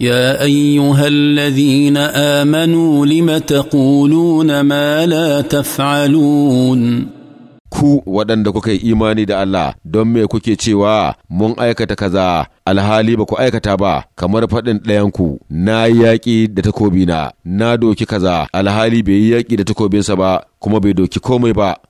يا ايها الذين امنوا لم تقولون ما لا تفعلون ku waɗanda kuka yi imani da Allah don me kuke cewa mun aikata kaza alhali ba ku aikata ba kamar faɗin ɗayanku na yaƙi da takobina na doki kaza alhali bai yi yaƙi da takobinsa ba kuma bai doki komai ba